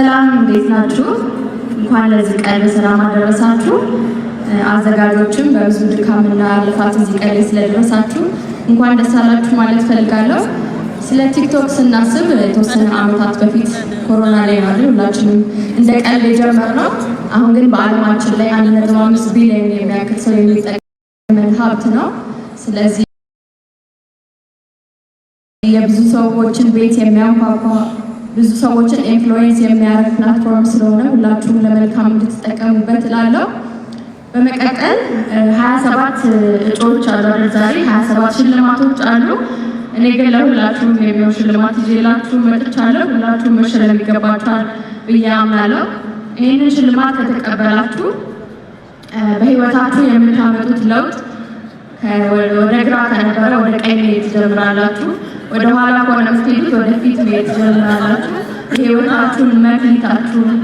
ሰላም እንዴት ናችሁ? እንኳን ለዚህ ቀን በሰላም አደረሳችሁ። አዘጋጆችም በብዙ ድካምና ልፋት እዚህ ቀን ስለደረሳችሁ እንኳን ደስ አላችሁ ማለት ፈልጋለሁ። ስለ ቲክቶክ ስናስብ የተወሰነ ዓመታት በፊት ኮሮና ላይ ነው ሁላችንም እንደ ቀልድ የጀመርነው። አሁን ግን በዓለማችን ላይ አንድ ነጥብ አምስት ቢሊዮን የሚያክል ሰው የሚጠቀም ሀብት ነው። ስለዚህ የብዙ ሰዎችን ቤት የሚያንኳኳ ብዙ ሰዎችን ኤምፕሎይዝ የሚያደርግ ፕላትፎርም ስለሆነ ሁላችሁም ለመልካም እንድትጠቀሙበት እላለሁ። በመቀጠል ሀያ ሰባት እጩዎች አሉ ዛሬ ሀያ ሰባት ሽልማቶች አሉ። እኔ ግን ለሁላችሁም የሚሆን ሽልማት ይዤላችሁ መጥቻለሁ። ሁላችሁም መሸለም ይገባችኋል ብዬ አምናለሁ። ይህንን ሽልማት ከተቀበላችሁ በህይወታችሁ የምታመጡት ለውጥ ወደ ግራ ከነበረ ወደ ቀኝ ትጀምራላችሁ። ወደኋላ ከሆነ የምትሄዱት ወደፊት መሄድ ትጀምራላችሁ። ህይወታችሁን መክሊታችሁን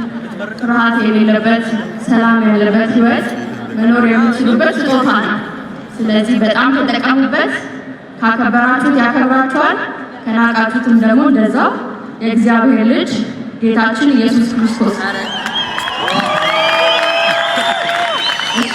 ፍርሃት የሌለበት ሰላም ያለበት ህይወት መኖር የምትችሉበት ስጦታ ነው። ስለዚህ በጣም ተጠቀሙበት። ካከበራችሁት ያከብራችኋል፣ ከናቃችሁትም ደግሞ እንደዛው። የእግዚአብሔር ልጅ ጌታችን ኢየሱስ ክርስቶስ። እሺ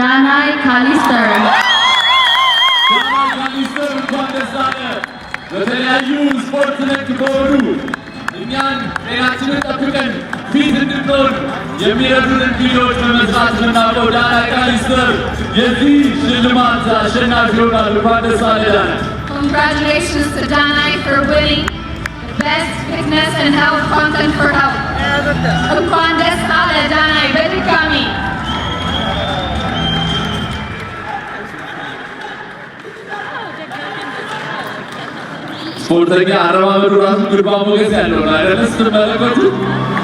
Danai Kalister. Danai Kalister Kuandesane. ለተለያዩ ስፖርት ነክ በሆኑ እኛን ጤናችንን ጠብቀን ፊት እንድንሆን የሚረዱንን Congratulations to Danai for winning the Best Fitness and Health Content for Health. እንኳን ደስ አለህ ዳናይ በድጋሚ സ്ഫോടത്തേക്ക് ആരവാ ഒരു പ്രാവശ്യം കുരുപാമ്പ് കയറി അല്ലോ ആരെ സ്ഥലം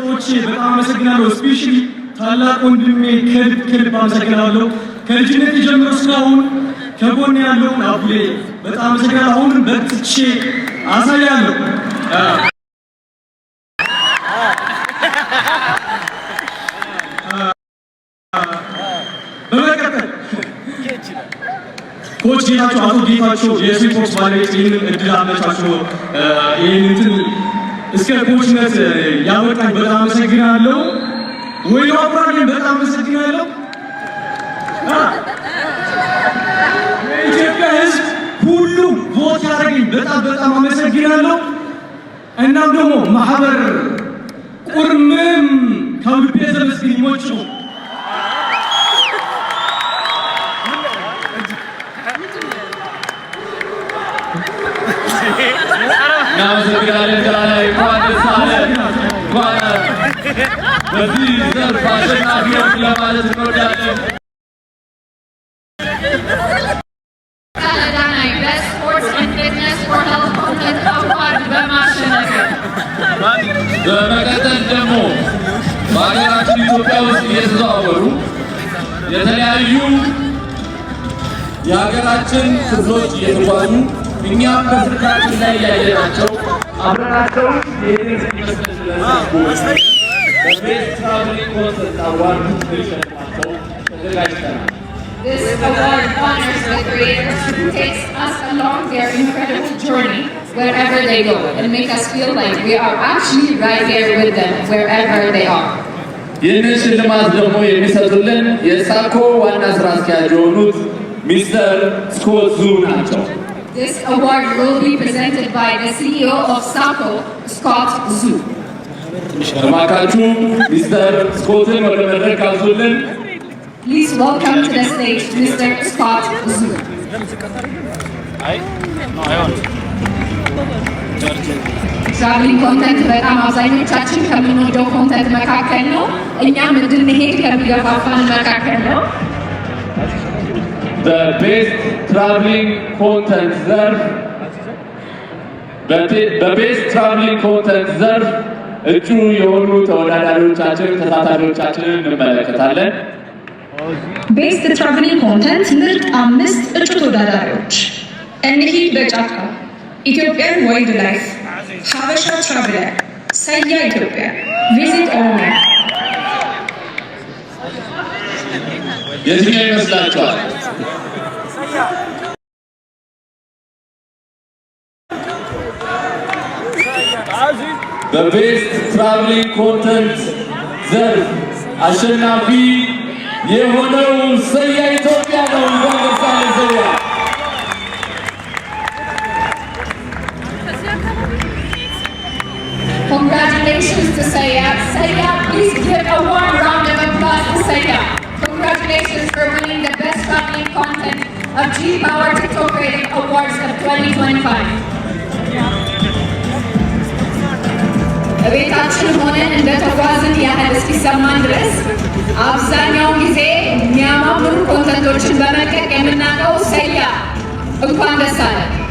ቤተሰቦቼ በጣም አመሰግናለሁ። ስፔሻሊ ታላቅ ወንድሜ ከልብ ከልብ አመሰግናለሁ። ከልጅነት ጀምሮ እስካሁን ከጎን ያለው አቡዬ በጣም አመሰግናለሁ። አሁን በርትቼ አሳያለሁ። በመቀጠል ኮች ጌታቸው አቶ ጌታቸው የሴቶች ባለቤት ይህንን እድል አመቻቸው ይህንን እስከ ኮችነት ያበቃኝ በጣም አመሰግናለሁ። ወይ አብራሪን በጣም አመሰግናለሁ። የኢትዮጵያ ሕዝብ ሁሉ ቮት ያደረገኝ በጣም በጣም አመሰግናለሁ። እናም ደግሞ ማህበር ቁርምም ከልቤ ተመስገን ይሞጩ Now በዚህ ዘርፍ አሸናፊዎች ለማለት እንወዳለን። በመቀጠል ደግሞ በሀገራችን ኢትዮጵያ ውስጥ እየተዘዋወሩ የተለያዩ የሀገራችን ክፍሎች እየተጓዙ እኛም በስልጣችን ላይ ያየናቸው አብረናቸው በቤስት ትራቭሊንግ ኮንሰርት አዋርድ ተሸልማቸው ተዘጋጅተናል። This award honors the creators who takes us along their incredible journey wherever they go and make us feel like we are actually right there with them wherever they are. ይህንን ሽልማት ደግሞ የሚሰጡልን የሳኮ ዋና ስራ አስኪያጅ የሆኑት ሚስተር ስኮት ዙ ናቸው። This award will be presented by the CEO of SACO, Scott Zoo. እባካችሁ ሚስተር ስኮትን ወደ መድረክ አዙልን። ትራቭሊንግ ኮንተንት በጣም አብዛኞቻችን ከምንወደው ኮንተንት መካከል ነው። እኛም እንድንሄድ ከሚገፋፋን መካከል ነው። በቤስት ትራቭሊንግ ኮንተንት ዘርፍ እጩ የሆኑ ተወዳዳሪዎቻችን ተሳታፊዎቻችንን እንመለከታለን። ቤስት ትራቭሊንግ ኮንተንት ምርጥ አምስት እጩ ተወዳዳሪዎች እንሂድ በጫካ፣ ኢትዮጵያን ወይድ ላይፍ፣ ሀበሻ ትራቭለር፣ ሰያ ኢትዮጵያ፣ ቪዚት ኦሮሚያ የትኛው ይመስላችኋል? The best traveling content. አሸናፊ የሆነው ሰያ ኢትዮጵያ ነው። እንኳን ደስ አለ Congratulations to Saya. Saya, please give a warm round of applause to Saya. Congratulations for winning the best traveling content of G Power TikTok Rating Award. ሆነን እንደተጓዝን ያህል እስኪሰማን ድረስ አብዛኛውን ጊዜ የሚያማምሩ ኮንተንቶችን በመልቀቅ የምናውቀው ሰያ እንኳን ደስ አለን።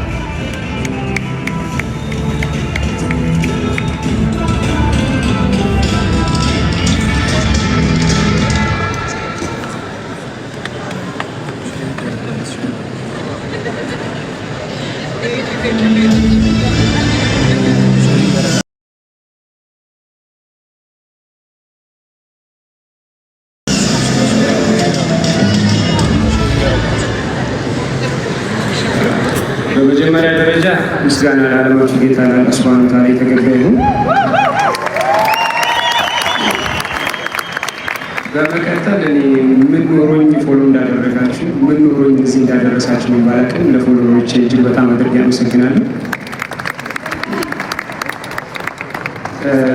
በመቀጠል እኔ ምን ኖሮኝ ፎሎ እንዳደረጋችሁ ምን ኖሮኝ እዚህ እንዳደረሳችሁ ባላቅም ለፎሎዎች እጅግ በጣም አድርጌ አመሰግናለሁ።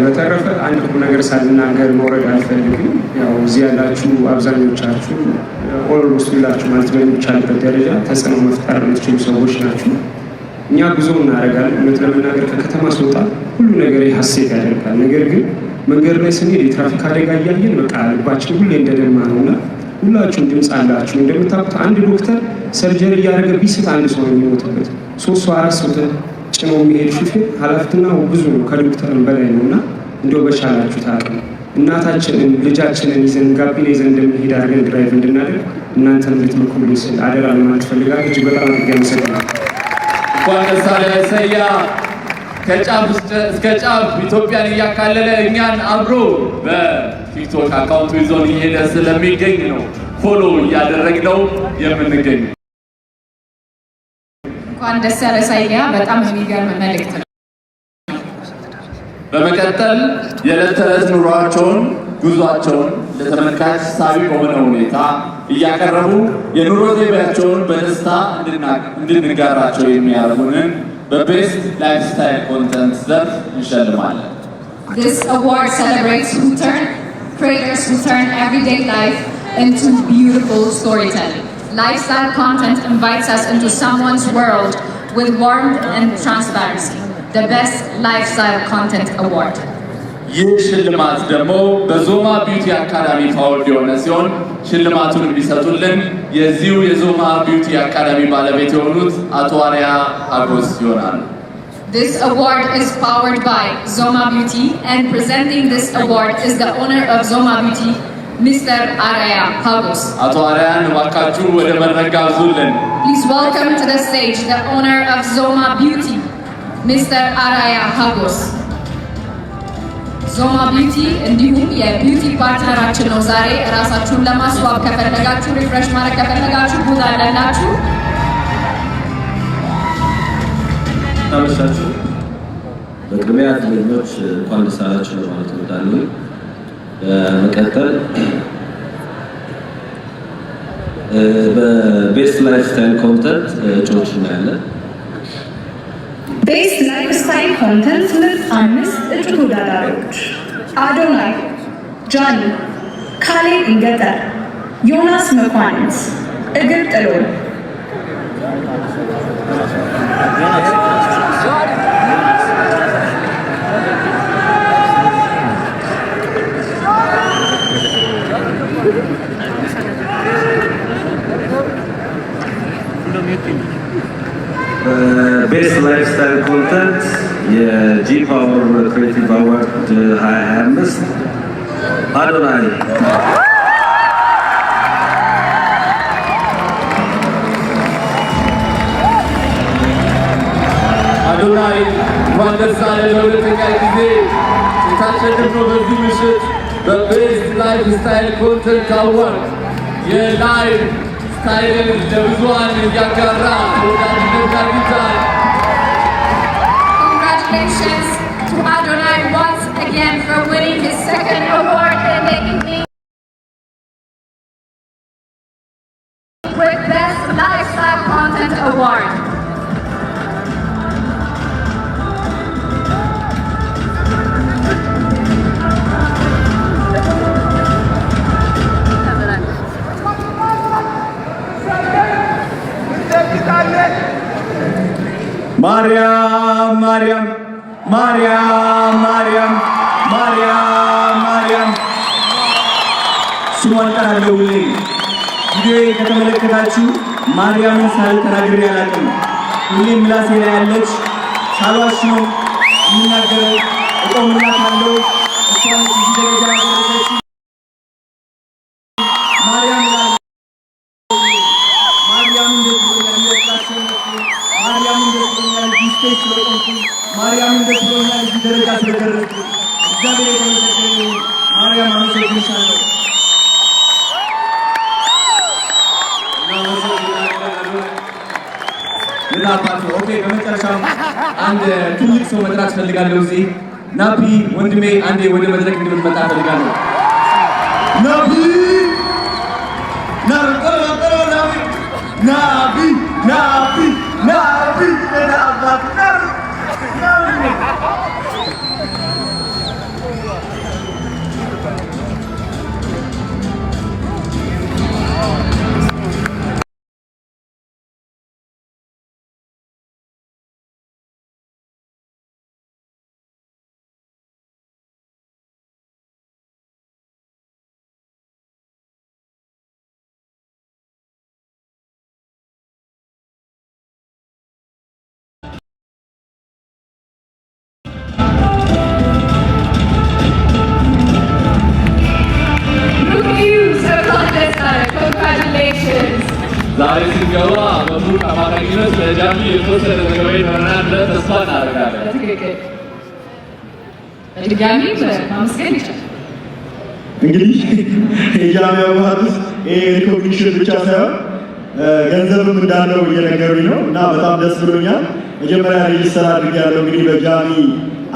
በተረፈ አንድ ቁም ነገር ሳልናገር መውረድ አልፈልግም። ያው እዚህ ያላችሁ አብዛኞቻችሁ ኦልሞስት ሁላችሁ ማለት በሚቻልበት ደረጃ ተጽዕኖ መፍጠር የምትችሉ ሰዎች ናችሁ። እኛ ጉዞ እናደርጋለን። እውነት ለመናገር ከከተማ ስወጣ ሁሉ ነገር ሀሴት ያደርጋል። ነገር ግን መንገድ ላይ ስንሄድ የትራፊክ አደጋ እያየን በቃ ልባችን ሁሌ እንደደማ ነው እና ሁላችሁም ድምፅ አላችሁ። እንደምታውቁት አንድ ዶክተር ሰርጀሪ እያደረገ ቢስት አንድ ሰው የሚሞትበት። ሶስት ሰው አራት ሰው ጭኖ የሚሄድ ሹፌር ኃላፊነቱ ብዙ ነው፣ ከዶክተርም በላይ ነው እና እንደው በቻላችሁ ታቅም እናታችንን ልጃችንን ይዘን ጋቢና ይዘን እንደሚሄድ አድርገን ድራይቭ እንድናደርግ እናንተን እንድትመክሩልኝ ስል አደራ ለማለት ፈልጋለሁ። እጅግ በጣም አድርጌ አመሰግናለሁ። እንኳን ደስ አለ ሰያ ከጫፍ እስከ ጫፍ ኢትዮጵያን እያካለለ እኛን አብሮ በቲክቶክ አካውንቱ ይዞን እየሄደ ስለሚገኝ ነው ፎሎ እያደረግነው የምንገኝ። እንኳን ደስ ያለ ሳያ፣ በጣም የሚገርም መልእክት ነው። በመቀጠል የዕለት ተዕለት ኑሯቸውን ጉዟቸውን ለተመልካች ሳቢ በሆነ ሁኔታ እያቀረቡ የኑሮ ዘይቤያቸውን በደስታ እንድንጋራቸው የሚያደርጉንን በቤስት ላይፍ ኮንተንት ዘርፍ እንሸልማለን። This award celebrates who turn creators who turn everyday life into beautiful storytelling. Lifestyle content invites us into someone's world with warmth and transparency. The Best Lifestyle Content Award. ይህ ሽልማት ደግሞ በዞማ ቢዩቲ አካዳሚ ፋውልድ የሆነ ሲሆን ሽልማቱን የሚሰጡልን የዚሁ የዞማ ቢዩቲ አካዳሚ ባለቤት የሆኑት አቶ አሪያ አጎስ ይሆናል። This award is powered by Zoma Beauty and presenting this award is the owner of Zoma Beauty, Mr. Araya Hagos. አቶ አሪያን እባካችሁ ወደ መድረክ ጋብዙልን። Please welcome to the stage the owner of Zoma Beauty, Mr. Araya Hagos. ዞማ ቢዩቲ እንዲሁም የቢዩቲ ፓርትነራችን ነው። ዛሬ እራሳችሁን ለማስዋብ ከፈለጋችሁ፣ ሪፍሬሽ ማድረግ ከፈለጋችሁ ቦታ አለላችሁ። ታመሻችሁ። በቅድሚያ ትግኞች እንኳን ደስ አላችሁ ለማለት እወዳለሁ። በመቀጠል በቤስት ላይፍ ስታይል ኮንተንት እጩዎች እናያለን። ቤስ ላይፍ ስታይል ኮንተንት ምርጥ አምስት እጩ ተወዳዳሪዎች አዶናይ፣ ጃኒ፣ ካሌ ይገጠር፣ ዮናስ መኳንንት፣ እግር ጥሎን ቤስ ላይፍስታይል ኮንተንት የጂ ፓወር ክሬቲቭ አዋርድ 2025 አዶናይ አዶናይ እንኳን ደስ አለህ። ለሁለተኛ ጊዜ የታሸነፍነው በዚህ ምሽት በቤስ ላይፍስታይል ኮንተንት አዋርድ የላይቭ Stajemy Congratulations to Adonai once again for winning his second award and making me ማርያም ማርያም ማርያም ማርያም ማርያም ስሟን ጠራለሁ። ቪዲዮ ከተመለከታችሁ ማርያምን ሳልተናግሬ አላውቅም። ሁሌ ምላሴ ላይ ያለች ሳሏች ነው የምናገረው። እቆምላታለሁ እሷን እዚህ ደረጃ ያደረገችው ፈልጋለሁ። እዚህ ናፒ ወንድሜ አንዴ ወደ መድረክ እንድትመጣ ፈልጋለሁ። ናፒ ናቢ ናቢ ናቢ ተስፋ እናደርጋለን። ትክክል። ድጋሚ ማመስገን ይቻላል። እንግዲህ የጃሚያ ባህል ውስጥ ሪኮግኒሽን ብቻ ሳይሆን ገንዘብም እንዳለው እየነገሩኝ ነው እና በጣም ደስ ብሎኛል። መጀመሪያ ሬጅስተር አድርጌያለሁ። እንግዲህ በጃሚ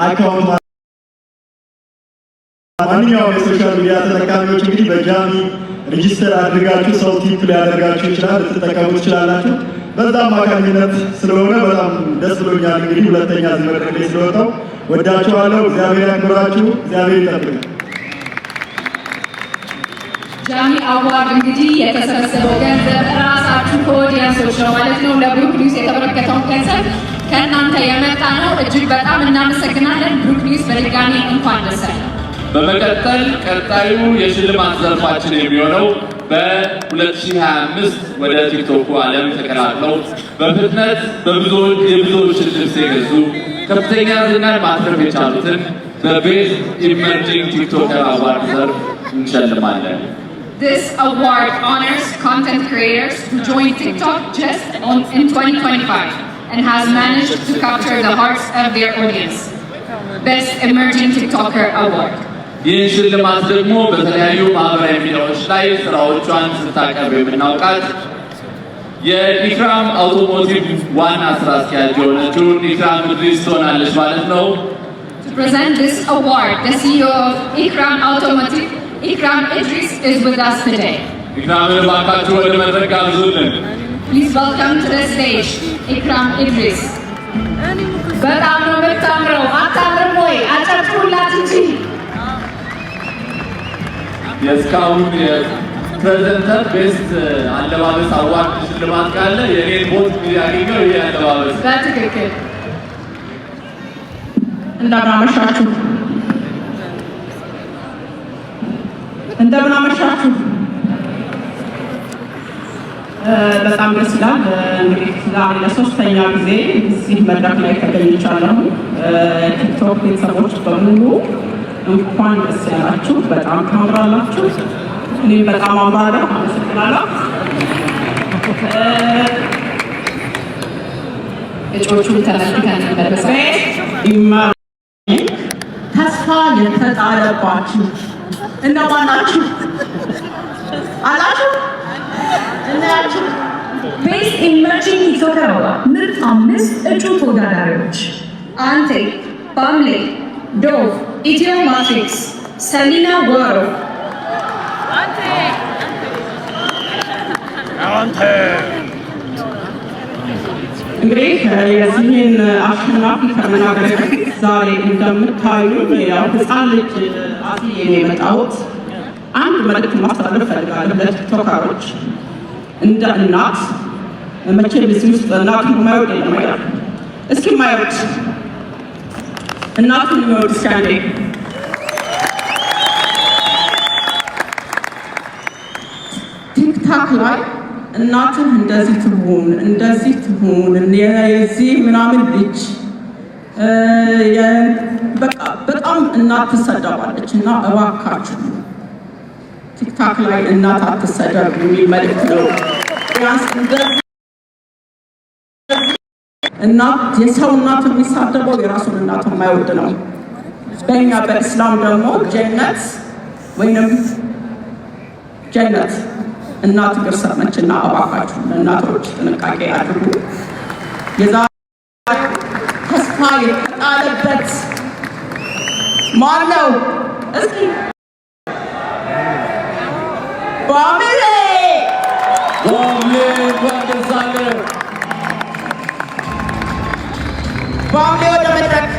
አካውንት ማንኛውም የሶሻል ሚዲያ ተጠቃሚዎች እንግዲህ በጃሚ ሬጅስተር አድርጋችሁ ሰው ቲፕ ሊያደርጋችሁ ይችላል፣ ልትጠቀሙ ትችላላችሁ። በዛ አማካኝነት ስለሆነ በጣም ደስ ብሎኛል። እንግዲህ ሁለተኛ እዚህ መድረክ ላይ ስለወጣሁ ወዳችኋለሁ። እግዚአብሔር ያክብራችሁ፣ እግዚአብሔር ይጠብቅ። ጃሚ አዋርድ እንግዲህ የተሰበሰበው ገንዘብ ራሳችሁ ከወዲያንሶች ነው ማለት ነው። ለብሩክ ኒውስ የተበረከተውን ገንዘብ ከእናንተ የመጣ ነው። እጅግ በጣም እናመሰግናለን። ብሩክ ኒውስ በድጋሚ እንኳን ደሰ። በመቀጠል ቀጣዩ የሽልማት ዘርፋችን የሚሆነው በ2025 ወደ ቲክቶኩ ዓለም ተቀላቅለው በፍጥነት በብዙዎች የብዙዎችን ልብስ የገዙ ከፍተኛ ዝናን ማትረፍ የቻሉትን በቤስት ኢመርጂንግ ቲክቶከር አዋርድ ዘርፍ እንሸልማለን። This award honors content creators who joined TikTok just on, in 2025 and has managed to capture the hearts of their audience. Best Emerging TikToker Award. ይህን ሽልማት ደግሞ በተለያዩ ማህበራዊ ሚዲያዎች ላይ ስራዎቿን ስታቀርብ የምናውቃት የኢክራም አውቶሞቲቭ ዋና ስራ አስኪያጅ የሆነችውን ኢክራም እድሪስ ትሆናለች ማለት ነው። e ኢክራምን እባካችሁ ወደ መድረክ ጋብዙልን። በጣም ነው የምታምረው። አታምርም ወይ? አጨብጭቡላት እንጂ የእስካሁን የፕሬዘንተር ቤስት አለባበስ አዋርድ ሽልማት ካለ የኔን ቦት ያገኘው ይሄ አለባበስ በትክክል እንደምናመሻችሁ እንደምናመሻችሁ በጣም ደስ ይላል። እንግዲህ ዛሬ ለሶስተኛ ጊዜ እዚህ መድረክ ላይ ተገኝቻለሁ። ቲክቶክ ቤተሰቦች በሙሉ እንኳን ደስ ያላችሁ። በጣም ታምራላችሁ። እኔም በጣም አምራለሁ። አመሰግናለሁ። እጮቹን ተለክተን ተስፋ የተጣለባችሁ እነማን ናችሁ አላችሁ? እናያችሁ ቤስት ኢመርጂንግ ኢትዮጵያ ምርጥ አምስት እጩ ተወዳዳሪዎች አንቴ ባምሌ ዶቭ ኢትዮ ማትሪክስ፣ ሰሊና ጓሮ እንግዲህ የዚህን አሸናፊ ዛሬ እንደምታዩ ህፃን ልጅ አስዬ የመጣሁት። አንድ መልዕክት ማስተላለፍ ፈልጋለሁ ለቲክቶከሮች እንደ እናት ውስጥ የማይወድ የለም። እስኪ and not from the mode of standing. ቲክታክ ላይ እናትህ እንደዚህ ትሁን እንደዚህ ትሁን የዚህ ምናምን ልጅ በጣም እናት ትሰደባለች እና እባካችሁ ቲክታክ ላይ እናት አትሰደብ የሚል መልእክት ነው። ቢያንስ እንደዚህ እናት የሰው እናት የሚሳደበው የራሱን እናት የማይወድ ነው። በኛ በእስላም ደግሞ ጀነት ወይንም ጀነት እናት ግርሰት ነች እና እባካችሁ እናቶች ጥንቃቄ አድርጉ። የዛሬ ተስፋ የተጣለበት ማን ነው? እስኪ ባሜሌ ባሜሌ ጓደሳለሁ Bombay Damatak.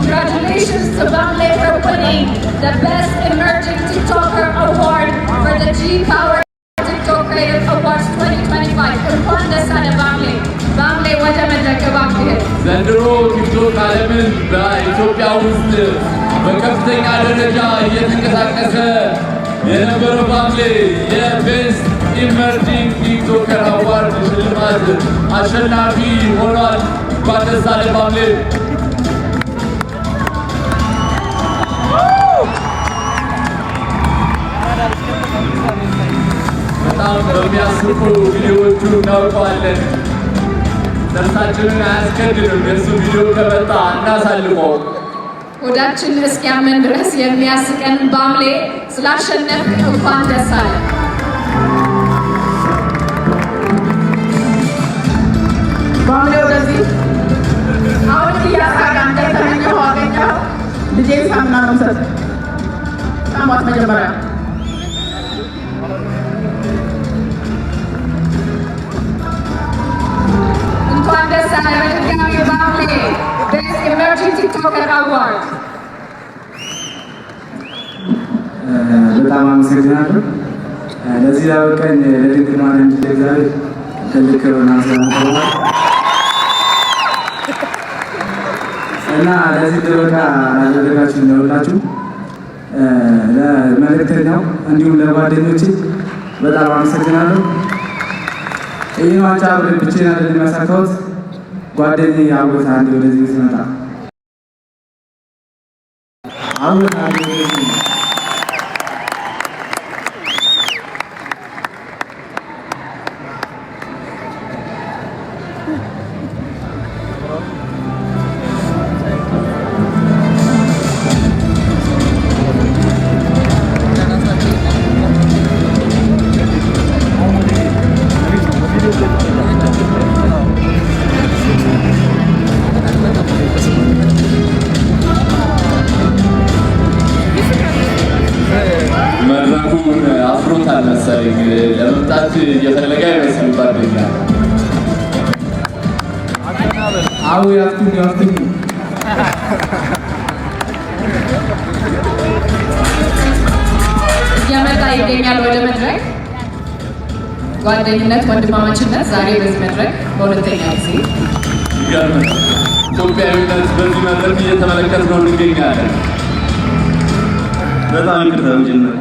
Congratulations to Bombay for winning the Best Emerging TikToker Award for the G Power TikTok Creative Awards 2025. The Irfan Dasana Bombay. Bombay Wajamatak Kabakir. ዘንድሮ ቲክቶክ ዓለምን በኢትዮጵያ ውስጥ በከፍተኛ ደረጃ እየተንቀሳቀሰ የነበረው the የቤስት ኢመርጂንግ ቲክቶከር አዋርድ ሽልማት አሸናፊ ሆኗል። Pakistani family. በጣም በሚያስቁ ቪዲዮዎቹ እናውቀዋለን። ደርሳችንን አያስገድልም። የእሱ ቪዲዮ ከመጣ እናሳልፈው። ወዳችን እስኪያመን ድረስ የሚያስቀን ባምሌ ስላሸነፍ እንኳን ደስ አለ። ባምሌ ወደዚህ አሁን እያሳጋ እንደተመኘሁ ልጄ ሳሙና ነው ሰጥ ጣሟት መጀመሪያ እንኳን ደስ አለ በድጋሚ ባምሌ ቤስት ኢመርጂንግ ቲክቶከር አዋርድ በጣም አመሰግናለሁ። ለዚህ ላበቃኝ ለድንግል ማርያም እግዚአብሔር ትልቅ ክብርና ምስጋና እና ለዚህ ጥበቃ ያደረጋችሁ እንደወላችሁ ለመልእክተኛው እንዲሁም ለጓደኞች በጣም አመሰግናለሁ። ይህን ዋንጫ ብቻዬን አይደለም ያሳካሁት፣ ጓደኛዬ አጎት አንዴ ወደዚህ ሲመጣ አጎት አንዴ እየመጣ ይገኛል ወደ መድረክ። ጓደኝነት፣ ወንድማማችነት ዛሬ በዚህ መድረክ በሁለተኛ ጊዜ ኢትዮጵያዊነት በዚህ መድረክ እየተመለከት ነው እንገኛለን። በጣም ይቅርታ ልጅነት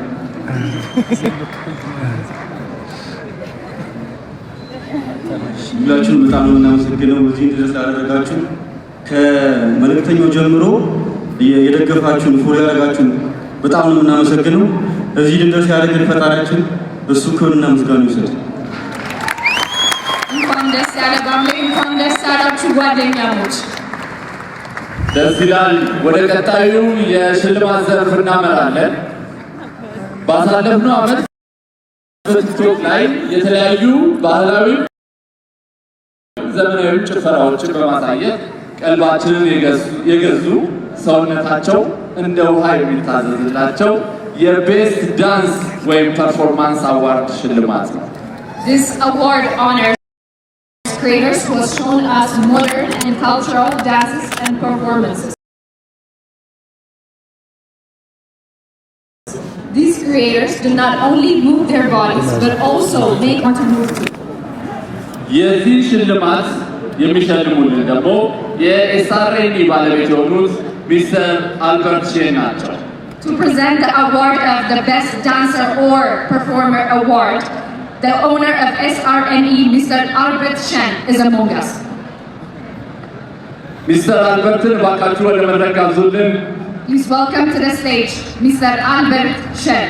ሁላችሁን በጣም ነው የምናመሰግነው እዚህ ድረስ ላደረጋችሁ። ከመልእክተኛው ጀምሮ የደገፋችሁን ፎሎ ያደረጋችሁን በጣም ነው የምናመሰግነው። እዚህ ድንደርስ ያደረገን ፈጣሪያችን እሱ ክብርና ምስጋና ይሰጥ። እንኳን ደስ ያለ እንኳን ደስ ያላችሁ ጓደኛሞች። ደስ ይላል። ወደ ቀጣዩ የሽልማት ዘርፍ እናመራለን። ባሳለፍነው ዓመት በቲክቶክ ላይ የተለያዩ ባህላዊ ዘመናዊ ጭፈራዎችን በማሳየት ቀልባችንን የገዙ ሰውነታቸው እንደ ውሃ የሚታዘዝላቸው የቤስት ዳንስ ወይም ፐርፎርማንስ አዋርድ ሽልማት ነው። የዚህ ሽልማት የሚሸልሙልን ደግሞ የኤስአርኤኒ ባለቤት የሆኑት ሚስተር አልበርት ናቸው። To present the award of the Best Dancer or Performer Award, the owner of SRNE, Mr. Albert Chen, is among us. Mr. Albert, Please welcome to the stage Mr. Albert Shen.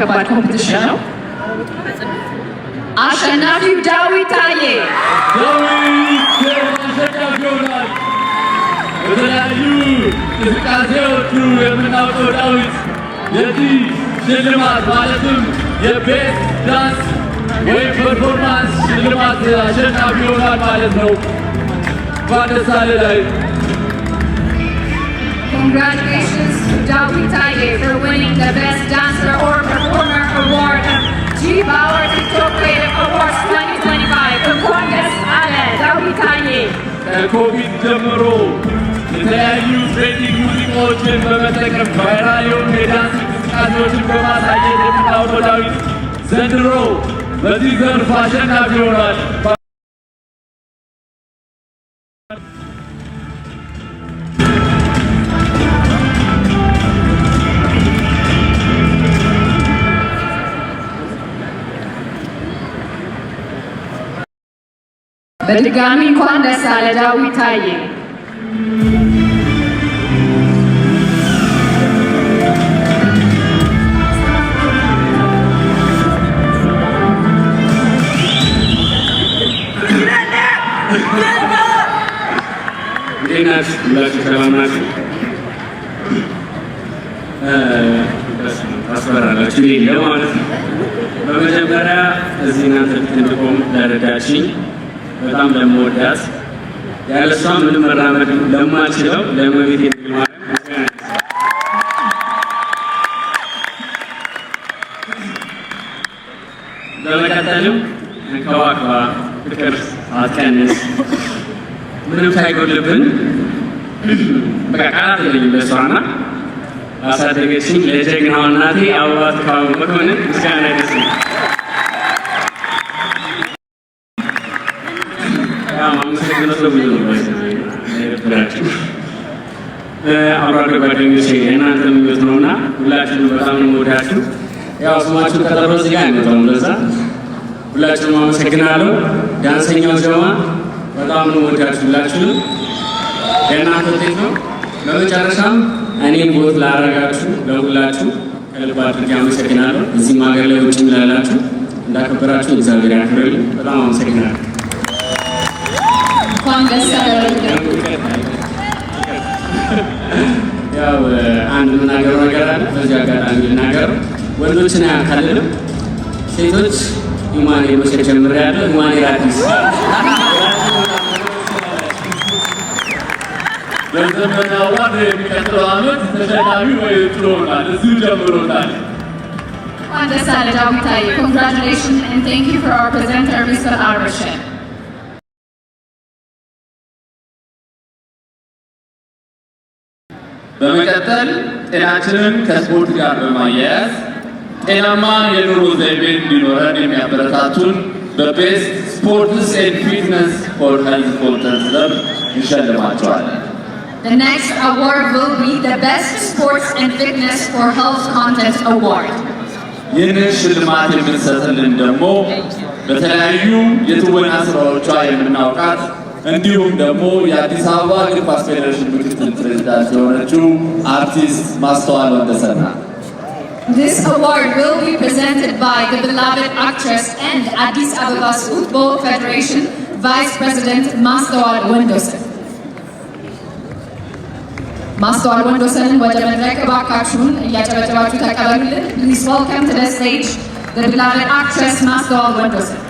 ከባድ ኮምፒቲሽን ነው። አሸናፊው ዳዊት ታዬ በተለያዩ እንቅስቃሴዎቹ የምናውቀው ዳዊት የዚህ ሽልማት ማለትም የቤት ዳንስ ወይም ፐርፎርማንስ ሽልማት አሸናፊ ይሆናል ማለት ነው። እንኳን ደስ አለን። Congratulations to Dawi Taye for winning the Best Dancer or Performer Award of G Power TikTok Creative Awards 2025 ከኮንደስ አለ ዳዊ ታዬ ከኮቪድ ጀምሮ የተለያዩ ትሬኒንግ ሙዚቃዎችን በመጠቀም ቫይራል የሆኑ የዳንስ እንቅስቃሴዎችን በማሳየት የምናውቀው ዳዊት ዘንድሮ በዚህ ዘርፍ አሸናፊ ይሆናል። በድጋሚ እንኳን ደስ አለ ዳዊት ታዬ። ሁላችሁ ታስፈራላችሁ ማለት ነው። በመጀመሪያ እዚህ እናንተ ፊት እንድቆም ላደረጋችኝ በጣም ለመወዳት ያለ እሷ ምንም መራመድ ለማችለው ለእመቤቴ ድንግል በመቀጠልም ከዋክባ ፍቅር አትቀንስ ምንም ሳይጎልብን በቃላት በሷና አሳደገችኝ ለጀግናው እናቴ አበባ ተካባቢ መኮንን ምስጋና መንግስት የእናንተ መንግስት ነውና ሁላችሁም በጣም እንወዳችሁ። ያው ስማችሁን ከጠረው እዚህ አይመጣውም። ለዛ ሁላችሁም አመሰግናለሁ። ዳንሰኛው ጀማ በጣም እንወዳችሁ ሁላችሁም። የእናንተ ውጤት ነው። በመጨረሻም እኔን ቦት ላረጋችሁ ለሁላችሁ ከልብ አድርጌ አመሰግናለሁ። እዚህም ሀገር ላይ ውጭም ላላችሁ እንዳከበራችሁ እግዚአብሔር ያክብርልኝ። በጣም አመሰግናለሁ። እንኳን ደስ ያለ ጋር አንድ የምናገረው ነገር አለ። በዚህ አጋጣሚ ልናገር፣ ወንዶችን አያካልልም። ሴቶች ኢማኔ ያለ አዲስ የሚቀጥለው ተሸላሚ ወይ እዚሁ ኮንግራቹሌሽን ዩ ፎር ፕሬዘንተር ሚስተር በመቀጠል ጤናችንን ከስፖርት ጋር በማያያዝ ጤናማ የኑሮ ዘይቤ እንዲኖረን የሚያበረታቱን በቤስት ስፖርትስ ኤንድ ፊትነስ ፎር ሄልዝ ኮንተንት ዘርፍ እንሸልማቸዋለን። The next award will be the Best Sports and Fitness for Health Contest Award. ይህንን ሽልማት የምንሰጥልን ደግሞ በተለያዩ የትወና ስራዎቿ የምናውቃት እንዲሁም ደግሞ የአዲስ አበባ እግር ኳስ ፌዴሬሽን ምክትል ፕሬዚዳንት የሆነችው አርቲስት ማስተዋል ወንደሰና This award will be presented by the beloved actress and Addis Abeba's Football Federation Vice President ማስተዋል ወንደሰን። ማስተዋል ወንደሰንን ወደ መድረክ እባካችሁን እያጨበጨባችሁ ተቀበሉልን። Please welcome to the stage the beloved actress ማስተዋል ወንደሰን።